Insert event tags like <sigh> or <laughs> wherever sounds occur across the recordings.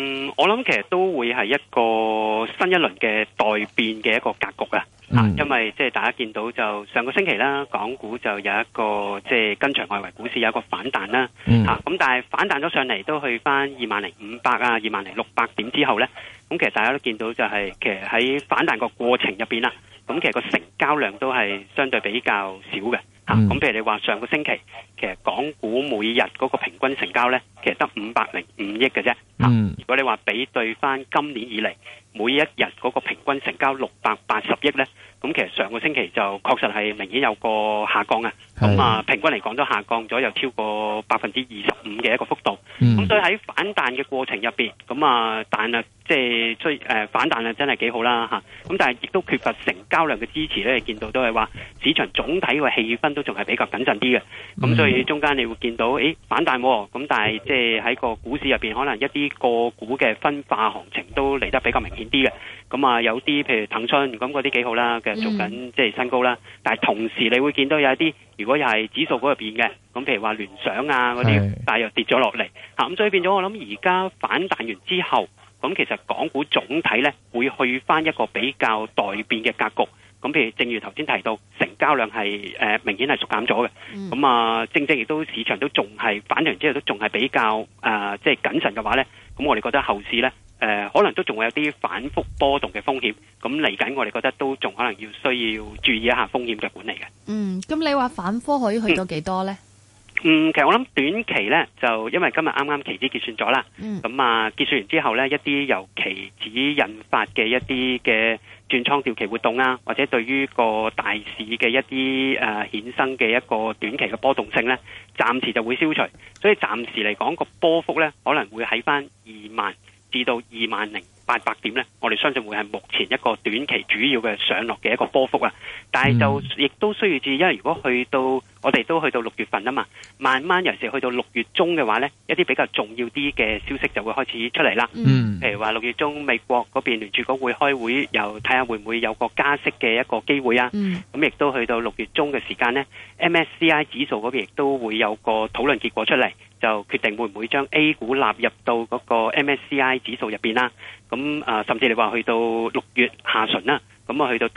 嗯，我諗其實都會係一個新一輪嘅待變嘅一個格局啊，吓、嗯，因為即係大家見到就上個星期啦，港股就有一個即係跟住外圍股市有一個反彈啦，吓、嗯，咁、啊、但係反彈咗上嚟都去返二萬零五百啊，二萬零六百點之後呢，咁其實大家都見到就係其實喺反彈個過程入邊啦，咁其實個成交量都係相對比較少嘅。咁、嗯啊、譬如你話上個星期，其實港股每日嗰個平均成交咧，其實得五百零五億嘅啫。吓、啊，如果你話比對翻今年以嚟，每一日嗰個平均成交六百八十億咧。咁其實上個星期就確實係明顯有個下降啊，咁啊平均嚟講都下降咗，有超過百分之二十五嘅一個幅度。咁所以喺反彈嘅過程入面，咁啊但啊即係、呃、反彈啊真係幾好啦咁、啊、但係亦都缺乏成交量嘅支持咧，你見到都係話市場總體嘅氣氛都仲係比較謹慎啲嘅。咁、嗯、所以中間你會見到咦、哎，反彈喎、啊，咁但係即係喺個股市入面，可能一啲個股嘅分化行情都嚟得比較明顯啲嘅。咁啊有啲譬如騰訊咁嗰啲幾好啦，做緊即係新高啦，但係同時你會見到有一啲，如果又係指數股入邊嘅，咁譬如話聯想啊嗰啲，大約跌咗落嚟嚇，咁所以變咗我諗而家反彈完之後，咁其實港股總體咧會去翻一個比較待變嘅格局。咁譬如正如頭先提到，成交量係誒、呃、明顯係縮減咗嘅，咁啊正正亦都市場都仲係反彈之後都仲係比較誒即係謹慎嘅話咧，咁我哋覺得後市咧。誒、呃，可能都仲會有啲反覆波動嘅風險。咁嚟緊，我哋覺得都仲可能要需要注意一下風險嘅管理嘅。嗯，咁你話反科可以去到幾多呢嗯？嗯，其實我諗短期呢，就因為今日啱啱期指結算咗啦。嗯。咁啊，結算完之後呢，一啲由期指引發嘅一啲嘅轉倉調期活動啊，或者對於個大市嘅一啲誒、呃、衍生嘅一個短期嘅波動性呢，暫時就會消除，所以暫時嚟講，個波幅呢可能會喺翻二萬。至到二萬零八百點咧，我哋相信會係目前一個短期主要嘅上落嘅一個波幅啦。但係就亦都需要注意，因為如果去到，我哋都去到六月份啊嘛，慢慢有時去到六月中嘅話呢，一啲比較重要啲嘅消息就會開始出嚟啦。嗯、mm.，譬如話六月中美國嗰邊聯儲局會開會，又睇下會唔會有個加息嘅一個機會啊。嗯，咁亦都去到六月中嘅時間呢 MSCI 指數嗰邊亦都會有個討論結果出嚟，就決定會唔會將 A 股納入到嗰個 MSCI 指數入邊啦。咁啊、呃，甚至你話去到六月下旬啦。咁啊，去到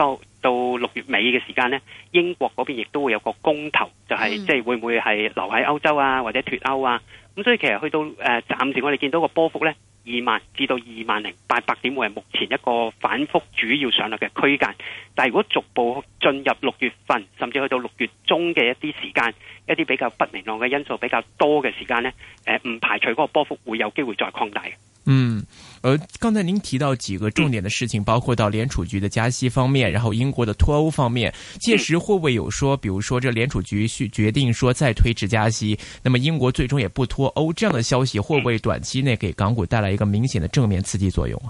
到六月尾嘅時間呢，英國嗰邊亦都會有一個公投，就係即係會唔會係留喺歐洲啊，或者脱歐啊？咁所以其實去到誒暫時我哋見到個波幅呢，二萬至到二萬零八百點會係目前一個反覆主要上落嘅區間，但係如果逐步進入六月份，甚至去到六月中嘅一啲時間，一啲比較不明朗嘅因素比較多嘅時間呢，誒唔排除嗰個波幅會有機會再擴大嗯。呃，剛才您提到幾個重點的事情，嗯，包括到聯儲局的加息方面，然後英國的脫歐方面，屆時會不會有說，比如說這聯儲局去決定說再推遲加息，那麼英國最終也不脫歐，這樣的消息會不會短期內給港股帶來一個明顯的正面刺激作用啊？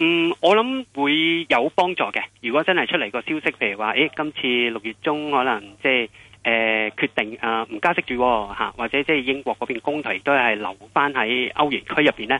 嗯，我諗會有幫助的，如果真係出嚟個消息，譬如話，誒今次六月中可能即係誒，誒決定啊唔，呃、加息住吓，哦，或者即係英國嗰邊公投亦都係留翻喺歐元區入邊呢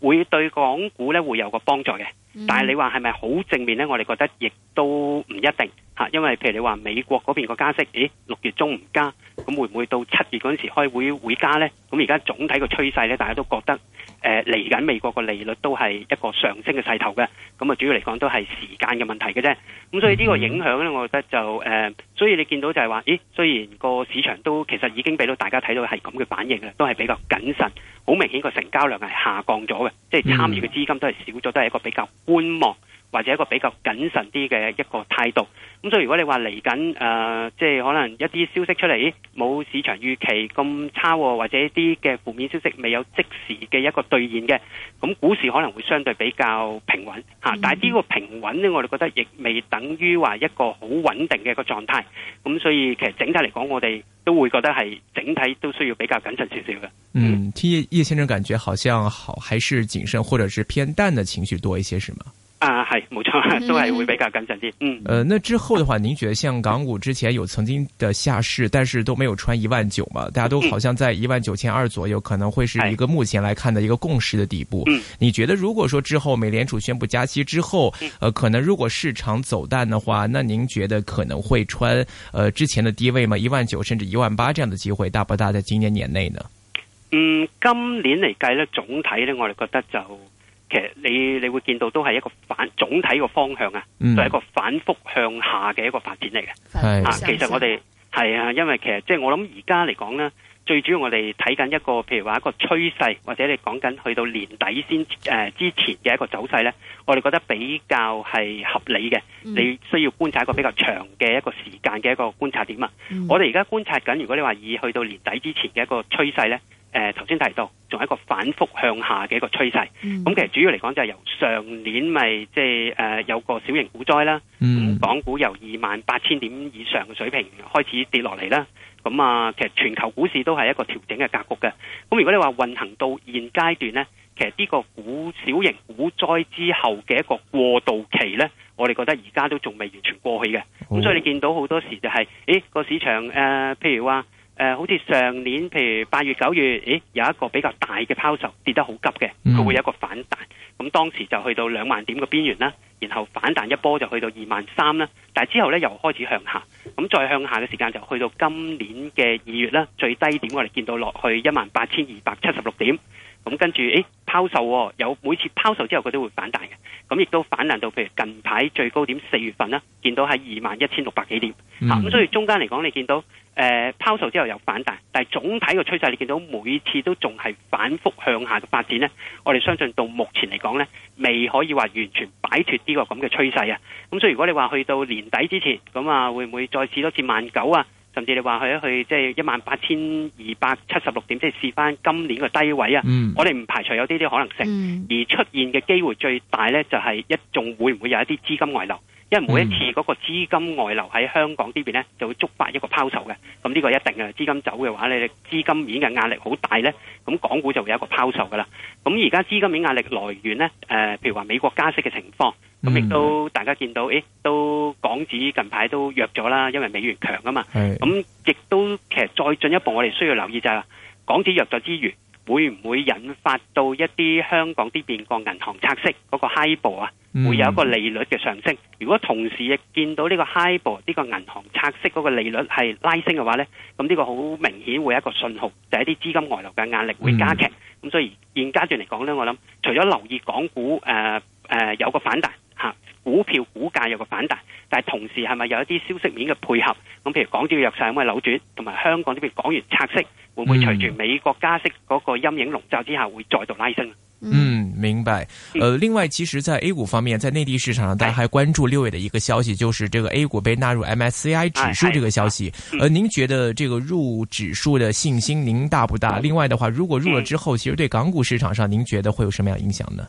會對港股咧會有個幫助嘅，但係你話係咪好正面咧？我哋覺得亦都唔一定嚇，因為譬如你話美國嗰邊個加息，咦六月中唔加，咁會唔會到七月嗰陣時開會會加咧？咁而家總體個趨勢咧，大家都覺得。誒嚟緊美國個利率都係一個上升嘅勢頭嘅，咁啊主要嚟講都係時間嘅問題嘅啫。咁所以呢個影響咧，我覺得就誒、呃，所以你見到就係話，咦，雖然個市場都其實已經俾到大家睇到係咁嘅反應啦，都係比較謹慎，好明顯個成交量係下降咗嘅，即係參與嘅資金都係少咗，都係一個比較觀望。或者一個比較謹慎啲嘅一個態度，咁、嗯、所以如果你話嚟緊誒，即係可能一啲消息出嚟冇市場預期咁差、哦，或者一啲嘅負面消息未有即時嘅一個兌現嘅，咁、嗯、股市可能會相對比較平穩嚇、啊。但係呢個平穩咧，我哋覺得亦未等於話一個好穩定嘅一個狀態。咁、嗯、所以其實整體嚟講，我哋都會覺得係整體都需要比較謹慎少少嘅。嗯，聽葉葉先生感覺，好像好還是謹慎，或者是偏淡嘅情緒多一些，是嗎？啊，係冇錯，都係會比較謹慎啲。嗯，呃，那之後的話，您覺得像港股之前有曾經的下市，但是都沒有穿一萬九嘛？大家都好像在一萬九千二左右，嗯，可能會是一個目前來看的一個共識的底部。嗯，你覺得如果說之後美聯儲宣布加息之後，呃，可能如果市場走淡的話，那您覺得可能會穿呃之前的低位嘛？一萬九甚至一萬八這樣的機會大不大？在今年年內呢？嗯，今年嚟計呢，總體呢，我哋覺得就。其實你你會見到都係一個反總體個方向啊，都、嗯、係、就係、一個反覆向下嘅一個發展嚟嘅。係啊，其實我哋係啊，因為其實即係我諗而家嚟講咧，最主要我哋睇緊一個譬如話一個趨勢，或者你講緊去到年底先誒、呃、之前嘅一個走勢咧，我哋覺得比較係合理嘅、嗯。你需要觀察一個比較長嘅一個時間嘅一個觀察點啊。嗯、我哋而家觀察緊，如果你話以去到年底之前嘅一個趨勢咧。誒、呃，頭先提到，仲係一個反覆向下嘅一個趨勢。咁、嗯、其實主要嚟講就係由上年咪即係誒有個小型股災啦、嗯，港股由二萬八千點以上嘅水平開始跌落嚟啦。咁、嗯、啊，其實全球股市都係一個調整嘅格局嘅。咁如果你話運行到現階段呢，其實呢個股小型股災之後嘅一個過渡期呢，我哋覺得而家都仲未完全過去嘅。咁、嗯、所以你見到好多時就係、是，誒個市場誒、呃，譬如話。誒、呃，好似上年，譬如八月、九月誒，有一個比較大嘅拋售，跌得好急嘅，佢會有一個反彈。咁當時就去到兩萬點嘅邊緣啦，然後反彈一波就去到二萬三啦。但之後咧又開始向下，咁再向下嘅時間就去到今年嘅二月啦，最低點我哋見到落去一萬八千二百七十六點。咁跟住誒拋售喎，有每次拋售之後，佢都會反彈嘅，咁亦都反彈到，譬如近排最高點四月份啦，見到喺二萬一千六百幾點。咁、嗯啊、所以中間嚟講，你見到。誒、呃，拋售之後又反彈，但係總體個趨勢你見到每次都仲係反覆向下嘅發展呢，我哋相信到目前嚟講呢，未可以話完全擺脫呢個咁嘅趨勢啊。咁、嗯、所以如果你話去到年底之前，咁啊會唔會再試多次萬九啊，甚至你話去一去即係一萬八千二百七十六點，即係試翻今年嘅低位啊？Mm. 我哋唔排除有呢啲可能性，mm. 而出現嘅機會最大呢，就係、是、一仲會唔會有一啲資金外流？因為每一次嗰個資金外流喺香港呢邊咧，就會觸發一個拋售嘅。咁呢個是一定嘅，資金走嘅話咧，你資金面嘅壓力好大咧。咁港股就會有一個拋售噶啦。咁而家資金面壓力來源咧，誒、呃，譬如話美國加息嘅情況，咁亦都大家見到，誒、欸，都港紙近排都弱咗啦，因為美元強啊嘛。咁亦都其實再進一步，我哋需要留意就係、話、啦，港紙弱咗之餘，會唔會引發到一啲香港啲邊個銀行拆息嗰個 high 部啊？會有一個利率嘅上升。如果同時亦見到呢個 high 部呢個銀行拆息嗰個利率係拉升嘅話呢，咁呢個好明顯會有一個信號，就係啲資金外流嘅壓力會加劇。咁所以現階段嚟講呢，我諗除咗留意港股誒、呃、誒、呃、有個反彈嚇。股票股價有個反彈，但係同時係咪有一啲消息面嘅配合？咁譬如港紙弱勢會唔會扭轉，同埋香港呢邊港元拆息會唔會隨住美國加息嗰個陰影籠罩之下會再度拉升？嗯，明白。呃，另外其實，在 A 股方面，在內地市場上，大家還關注六月的一個消息，就是這個 A 股被納入 MSCI 指數這個消息。呃，您覺得這個入指數的信心您大不大？另外的話，如果入了之後，其實對港股市場上，您覺得會有什麼樣影響呢？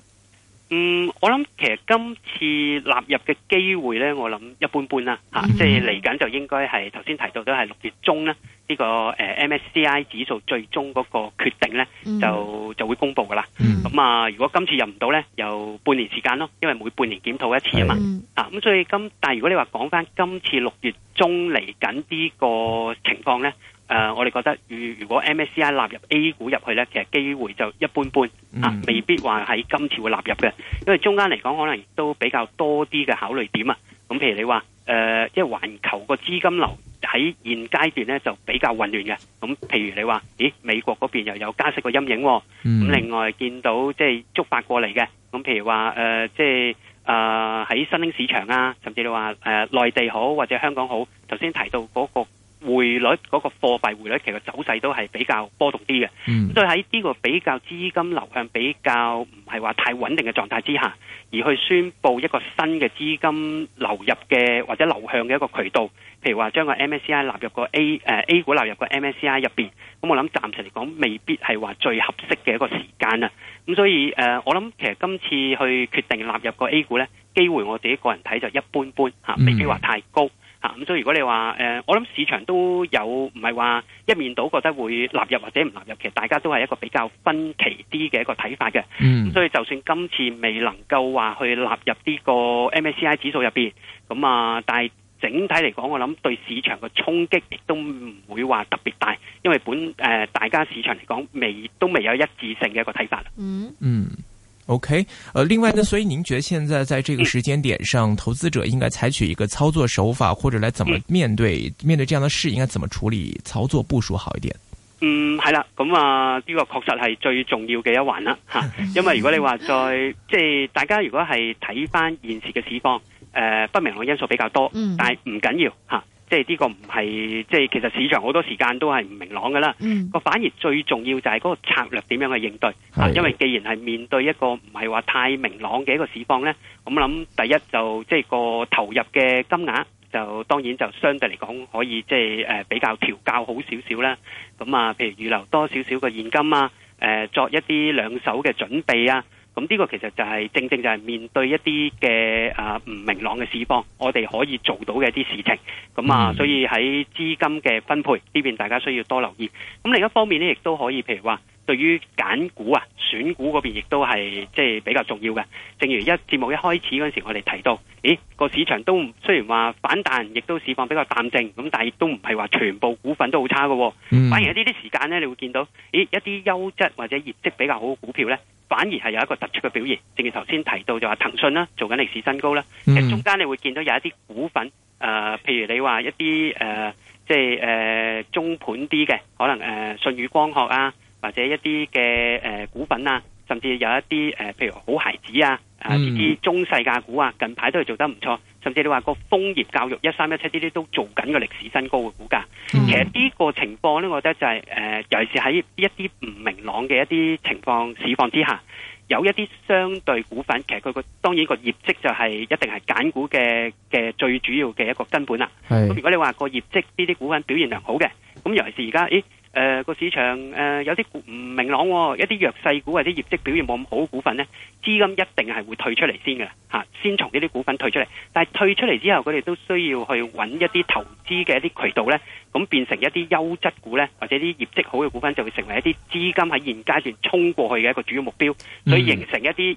嗯，我諗其實今次納入嘅機會咧，我諗一般般啦，吓、啊，mm-hmm. 即係嚟緊就應該係頭先提到都係六月中咧，呢、這個誒、呃、MSCI 指數最終嗰個決定咧、mm-hmm. 就就會公布噶啦。咁、mm-hmm. 啊，如果今次入唔到咧，又半年時間咯，因為每半年檢討一次啊嘛。Mm-hmm. 啊，咁、嗯、所以今但係如果你話講翻今次六月中嚟緊呢個情況咧？誒、呃，我哋覺得如如果 MSCI 納入 A 股入去呢，其實機會就一般般啊，未必話喺今次會納入嘅，因為中間嚟講可能都比較多啲嘅考慮點啊。咁譬如你話誒、呃，即係環球個資金流喺現階段呢就比較混亂嘅。咁譬如你話，咦，美國嗰邊又有加息個陰影，咁另外見到即係觸發過嚟嘅。咁譬如話誒、呃，即係啊喺新興市場啊，甚至你話誒內地好或者香港好，頭先提到嗰、嗰個。匯率嗰、那個貨幣匯率其實走勢都係比較波動啲嘅，咁、嗯、所以喺呢個比較資金流向比較唔係話太穩定嘅狀態之下，而去宣布一個新嘅資金流入嘅或者流向嘅一個渠道，譬如話將個 MSCI 納入個 A、呃、A 股納入個 MSCI 入面。咁我諗暫時嚟講未必係話最合適嘅一個時間啊。咁所以誒、呃，我諗其實今次去決定納入個 A 股呢，機會我自己個人睇就一般般吓，未必話太高。嗯。咁、啊、所以如果你話誒、呃，我諗市場都有唔係話一面倒覺得會納入或者唔納入，其實大家都係一個比較分歧啲嘅一個睇法嘅。咁、嗯、所以就算今次未能夠話去納入呢個 MSCI 指數入邊，咁、嗯、啊，但係整體嚟講，我諗對市場嘅衝擊亦都唔會話特別大，因為本誒、呃、大家市場嚟講未都未有一致性嘅一個睇法。嗯嗯。OK，呃，另外呢，所以您覺得現在在這個時間點上，投資者應該採取一個操作手法，或者來怎麼面對、嗯、面對這樣的事，應該怎麼處理操作部署好一點？嗯，係啦，咁啊，呢、呢個確實係最重要嘅一環啦，吓， <laughs> 因為如果你話再即係大家如果係睇返現時嘅市況，誒、呃，不明朗因素比較多，嗯、但係唔緊要吓。哈即係呢個唔係，即係其實市場好多時間都係唔明朗嘅啦。個、嗯、反而最重要就係嗰個策略點樣去應對啊。因為既然係面對一個唔係話太明朗嘅一個市況呢，咁諗第一就即係個投入嘅金額就當然就相對嚟講可以即係誒比較調教好少少啦。咁啊，譬如預留多少少嘅現金啊，誒、呃、作一啲兩手嘅準備啊。咁、這、呢個其實就係正正就係面對一啲嘅啊唔明朗嘅市況，我哋可以做到嘅一啲事情。咁、嗯、啊，所以喺資金嘅分配呢邊，大家需要多留意。咁、嗯、另一方面呢，亦都可以，譬如話對於揀股啊、選股嗰邊，亦都係即係比較重要嘅。正如一節目一開始嗰陣時，我哋提到，咦個市場都雖然話反彈，亦都市況比較淡靜，咁但係亦都唔係話全部股份都好差嘅，嗯，反而喺呢啲時間呢，你會見到咦一啲優質或者業績比較好嘅股票呢，反而係有一個突出嘅表現，正如頭先提到就話騰訊啦，做緊歷史新高啦。中間你會見到有一啲股份，誒、呃，譬如你話一啲誒、呃，即係誒、呃、中盤啲嘅，可能誒、呃、信宇光學啊，或者一啲嘅誒股份啊，甚至有一啲誒、呃、譬如好孩子啊，啊呢啲中細價股啊，近排都係做得唔錯。甚至你話個楓葉教育一三一七呢啲都做緊個歷史新高嘅股價，其實呢個情況呢，我覺得就係誒，尤其是喺一啲唔明朗嘅一啲情況市況之下，有一啲相對股份，其實佢個當然個業績就係一定係揀股嘅嘅最主要嘅一個根本啦。咁如果你話個業績呢啲股份表現良好嘅，咁尤其是而家咦？誒、呃，個市場誒、呃、有啲股唔明朗、哦，一啲弱勢股或者業績表現冇咁好嘅股份呢，資金一定係會退出嚟先嘅吓，先從呢啲股份退出嚟。但係退出嚟之後，佢哋都需要去揾一啲投資嘅一啲渠道呢，咁變成一啲優質股呢，或者啲業績好嘅股份就會成為一啲資金喺現階段衝過去嘅一個主要目標，所以形成一啲。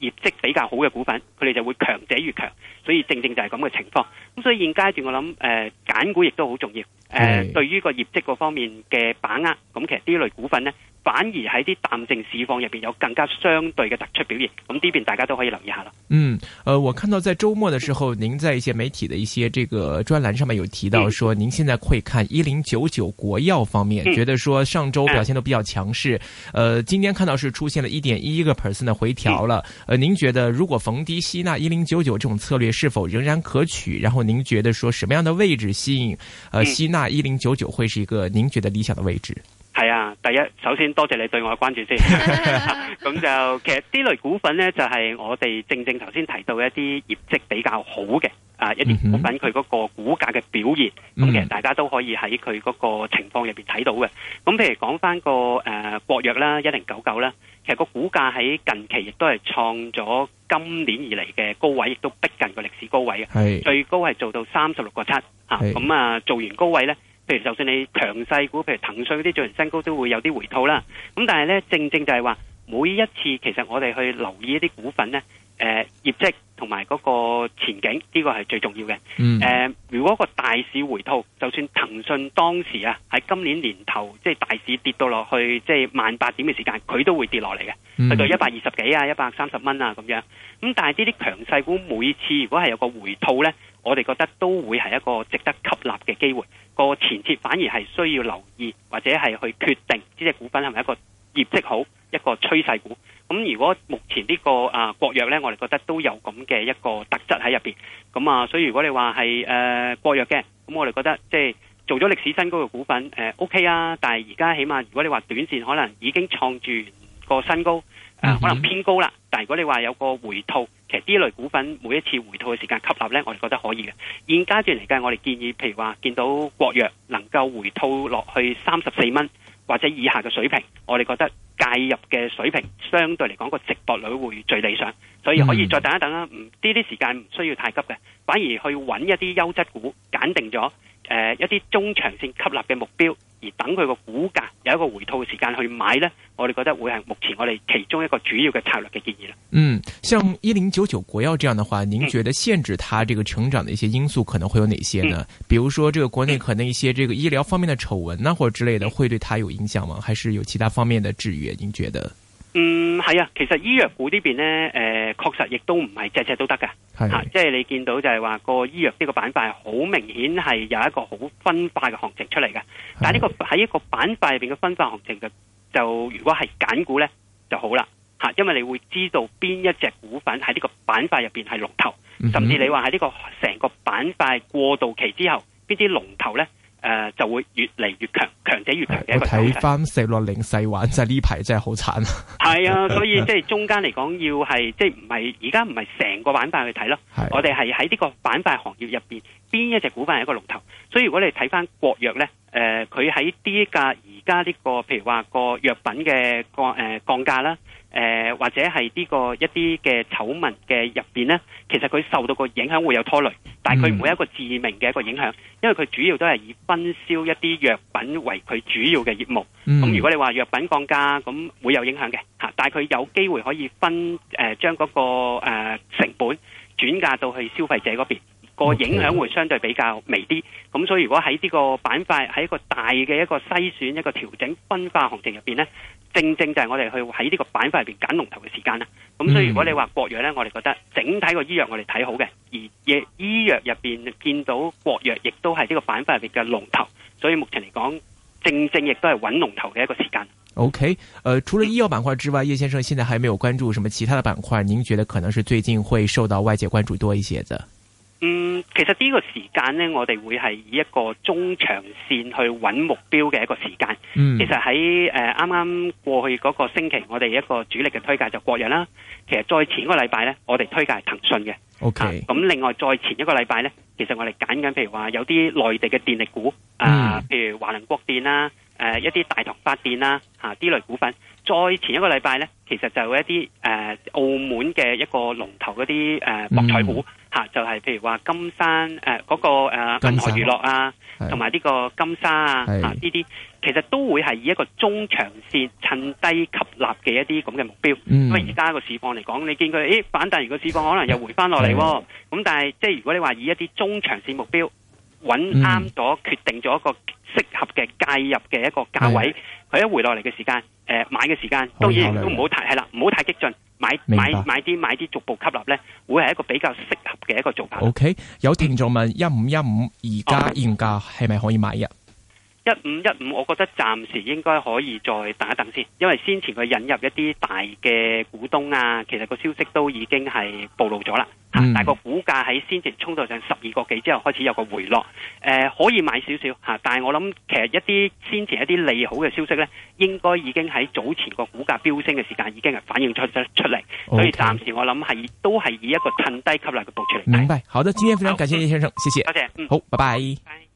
業績比較好嘅股份，佢哋就會強者越強。所以正正就係咁嘅情況。咁所以現階段我諗，誒、呃、揀股亦都好重要，誒、呃、對於個業績嗰方面嘅把握，咁其實呢類股份咧。反而喺啲淡靜市況入面有更加相對嘅突出表現，咁呢邊大家都可以留意一下咯。嗯，呃，我看到在周末嘅時候，嗯，您在一些媒體嘅一些這個專欄上面有提到說，說、嗯、您現在會看一零九九國藥方面，嗯，覺得說上週表現都比較強勢，嗯、呃，今天看到是出現了一點一一個 percent 嘅回調了，嗯。呃，您覺得如果逢低吸納一零九九這種策略是否仍然可取？然後您覺得說什麼樣的位置吸引，呃，吸、嗯、納一零九九會是一個您覺得理想的位置？係、嗯、啊。第一，首先多謝你對我嘅關注先。咁 <laughs> 就 <laughs> 其實呢類股份呢，就係我哋正正頭先提到一啲業績比較好嘅啊，一啲股份佢嗰個股價嘅表現，咁其實大家都可以喺佢嗰個情況入邊睇到嘅。咁譬如講翻個誒國藥啦，一零九九啦，其實個股價喺近期亦都係創咗今年以嚟嘅高位，亦都逼近個歷史高位嘅。係最高係做到三十六個七咁啊，做完高位呢。譬如就算你強勢股，譬如騰訊嗰啲做完新高，都會有啲回吐啦。咁但係咧，正正就係話每一次，其實我哋去留意一啲股份咧，誒、呃，業績同埋嗰個前景，呢、這個係最重要嘅。誒、嗯呃，如果個大市回吐，就算騰訊當時啊，喺今年年頭即係大市跌到落去即係萬八點嘅時間，佢都會跌落嚟嘅，嗯、去到一百二十幾啊，一百三十蚊啊咁樣。咁但係呢啲強勢股，每次如果係有個回吐咧。我哋覺得都會係一個值得吸納嘅機會。個前設反而係需要留意或者係去決定呢隻股份係咪一個業績好一個趨勢股。咁如果目前呢個啊國藥呢，我哋覺得都有咁嘅一個特質喺入邊。咁啊，所以如果你話係誒國藥嘅，咁我哋覺得即係做咗歷史新高嘅股份，誒 OK 啊。但係而家起碼如果你話短線可能已經創住。個新高，可能偏高啦。但如果你話有個回吐，其實呢類股份每一次回吐嘅時間吸納呢，我哋覺得可以嘅。現階段嚟計，我哋建議，譬如話見到國藥能夠回吐落去三十四蚊或者以下嘅水平，我哋覺得介入嘅水平相對嚟講個值搏率會最理想，所以可以再等一等啦。唔，呢啲時間唔需要太急嘅，反而去揾一啲優質股揀定咗。呃、一啲中長線吸納嘅目標，而等佢個股價有一個回吐嘅時間去買呢，我哋覺得會係目前我哋其中一個主要嘅策略嘅建議啦。嗯，像一零九九國藥這樣的話，您覺得限制它這個成長嘅一些因素可能會有哪些呢？嗯、比如說，這個國內可能一些這個醫療方面的醜聞啊，或者之類的，會對它有影響嗎？還是有其他方面的制約？您覺得？嗯，係啊，其實醫藥股這呢邊呢，誒、呃，確實亦都唔係只只都得噶，吓、啊，即係你見到就係話個醫藥呢個板塊好明顯係有一個好分化嘅行情出嚟嘅，但係、這、呢個喺一個板塊入邊嘅分化行情嘅，就如果係揀股呢就好啦，吓、啊，因為你會知道邊一隻股份喺呢個板塊入邊係龍頭，甚至你話喺呢個成個板塊過渡期之後，邊啲龍頭呢？誒、呃，就會越嚟越強，強者越強嘅睇返翻石樂零細玩，就係呢排真係好慘。係啊，所以即係中間嚟講，要係即係唔係而家唔係成個板塊去睇咯。我哋係喺呢個板塊行業入邊，邊一隻股份係一個龍頭。所以如果你睇翻國藥咧，誒、呃，佢喺啲價而家呢、這個，譬如話個藥品嘅個誒降價啦。誒、呃，或者係呢個一啲嘅醜聞嘅入邊呢，其實佢受到個影響會有拖累，但係佢唔會一個致命嘅一個影響，因為佢主要都係以分銷一啲藥品為佢主要嘅業務。咁、嗯、如果你話藥品降價，咁會有影響嘅吓，但係佢有機會可以分誒將嗰個誒、呃、成本轉嫁到去消費者嗰邊。個、okay。影響會相對比較微啲，咁所以如果喺呢個板塊喺一個大嘅一個篩選一個調整分化行情入邊呢，正正就係我哋去喺呢個板塊入邊揀龍頭嘅時間啦。咁所以如果你話國藥呢、嗯，我哋覺得整體個醫藥我哋睇好嘅，而嘢醫藥入邊見到國藥，亦都係呢個板塊入邊嘅龍頭，所以目前嚟講，正正亦都係揾龍頭嘅一個時間。OK，、呃、除了醫藥板塊之外，葉先生現在還有沒有關注什麼其他的板塊？您覺得可能是最近會受到外界關注多一些嘅？嗯，其實呢個時間呢，我哋會係以一個中長線去揾目標嘅一個時間。嗯。其實喺誒啱啱過去嗰個星期，我哋一個主力嘅推介就是國藥啦。其實再前一個禮拜呢，我哋推介係騰訊嘅。Okay。啊，咁另外再前一個禮拜呢，其實我哋揀緊，譬如話有啲內地嘅電力股啊，譬如華能國電啦。誒、呃，一啲大唐發電啦、啊，吓、啊、啲類股份。再前一個禮拜咧，其實就有一啲誒、呃、澳門嘅一個龍頭嗰啲誒博彩股吓，就係、是、譬如話金山誒嗰、呃那個誒銀、呃、河娛樂啊，同埋呢個金沙啊啊呢啲，其實都會係以一個中長線趁低吸納嘅一啲咁嘅目標。咁、嗯、啊，而家個市況嚟講，你見佢誒反彈完個市況，可能又回翻落嚟喎。咁、嗯嗯、但係即係如果你話以一啲中長線目標揾啱咗，決定咗一個。適合嘅介入嘅一個價位，佢一回落嚟嘅時間，誒買嘅時間，當然都唔好太係啦，唔好太激進，買買買啲買啲逐步吸納咧，會係一個比較適合嘅一個做法。OK，有聽眾問一五一五而家現價係咪可以買啊？一五一五，我覺得暫時應該可以再等一等先，因為先前佢引入一啲大嘅股東啊，其實個消息都已經係暴露咗啦、嗯。但係個股價喺先前衝到上十二個幾之後，開始有個回落。呃、可以買少少嚇，但係我諗其實一啲先前一啲利好嘅消息咧，應該已經喺早前個股價飆升嘅時間已經係反映出出嚟，okay，所以暫時我諗都係以一個趁低吸納嘅部署。明白，好的，今天非常感謝葉先生，謝謝。多謝、嗯、好，拜拜。Okay.